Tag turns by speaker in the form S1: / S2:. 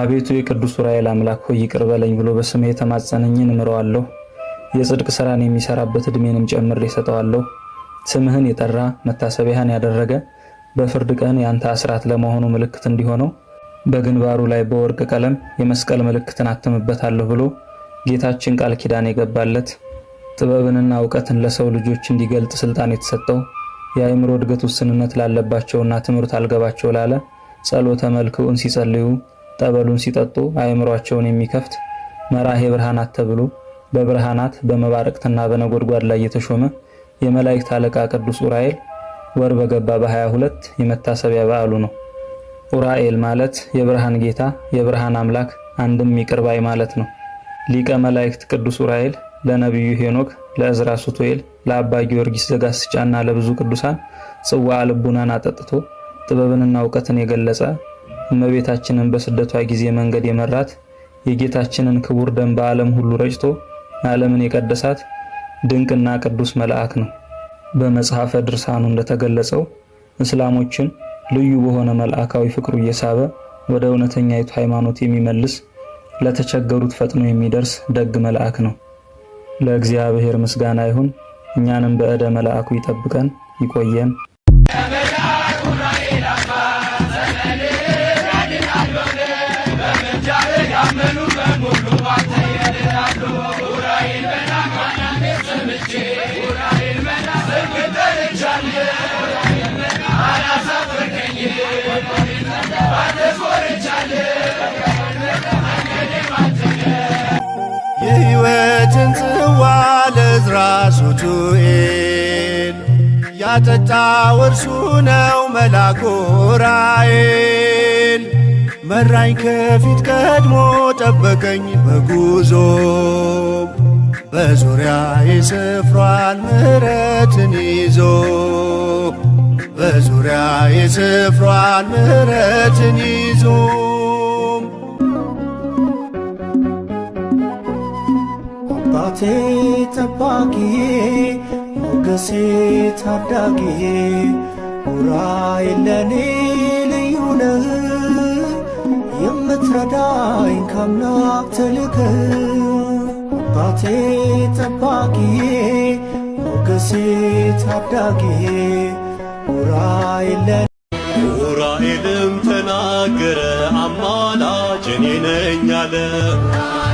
S1: አቤቱ የቅዱስ ዑራኤል አምላክ ሆይ ይቅር በለኝ ብሎ በስሜ የተማጸነኝን እምረዋለሁ፣ የጽድቅ ሥራን የሚሰራበት ዕድሜንም ጨምር እሰጠዋለሁ። ስምህን የጠራ መታሰቢያህን ያደረገ በፍርድ ቀን የአንተ አስራት ለመሆኑ ምልክት እንዲሆነው በግንባሩ ላይ በወርቅ ቀለም የመስቀል ምልክትን አትምበታለሁ ብሎ ጌታችን ቃል ኪዳን የገባለት ጥበብንና እውቀትን ለሰው ልጆች እንዲገልጥ ስልጣን የተሰጠው የአእምሮ እድገት ውስንነት ላለባቸውና ትምህርት አልገባቸው ላለ ጸሎተ መልክውን ሲጸልዩ ጠበሉን ሲጠጡ አእምሯቸውን የሚከፍት መራሄ ብርሃናት ተብሎ በብርሃናት በመባረቅትና በነጎድጓድ ላይ የተሾመ የመላእክት አለቃ ቅዱስ ኡራኤል ወር በገባ በ22 የመታሰቢያ በዓሉ ነው። ኡራኤል ማለት የብርሃን ጌታ የብርሃን አምላክ አንድም ይቅር ባይ ማለት ነው። ሊቀ መላእክት ቅዱስ ኡራኤል ለነቢዩ ሄኖክ፣ ለእዝራ ሱቱኤል፣ ለአባ ጊዮርጊስ ዘጋስጫና ለብዙ ቅዱሳን ጽዋ ልቡናን አጠጥቶ ጥበብንና እውቀትን የገለጸ እመቤታችንን በስደቷ ጊዜ መንገድ የመራት የጌታችንን ክቡር ደም በዓለም ሁሉ ረጭቶ ዓለምን የቀደሳት ድንቅና ቅዱስ መልአክ ነው። በመጽሐፈ ድርሳኑ እንደተገለጸው እስላሞችን ልዩ በሆነ መልአካዊ ፍቅሩ እየሳበ ወደ እውነተኛይቱ ሃይማኖት የሚመልስ ለተቸገሩት ፈጥኖ የሚደርስ ደግ መልአክ ነው። ለእግዚአብሔር ምስጋና ይሁን። እኛንም በዕደ መልአኩ ይጠብቀን ይቆየን።
S2: የሕይወትን ጽዋ ለዕዝራ ሱቱኤል ያጠጣው እርሱ ነው መልአኩ ራኤል መራኝ ከፊት ቀድሞ ጠበቀኝ በጉዞ በዙሪያ የስፍሯል ምሕረትን ይዞ በዙሪያ የስፍሯን ምሕረትን ይዞ ጠባቂዬ ሞገሴ ታዳጊ ሞራዬ ለኔ ልዩ ነህ የምትረዳኝ ከአምላክ ተልከህ አባቴ ጠባቂዬ ሞገሴ
S3: ተናገረ አማላጅ እኔ ነኝ አለ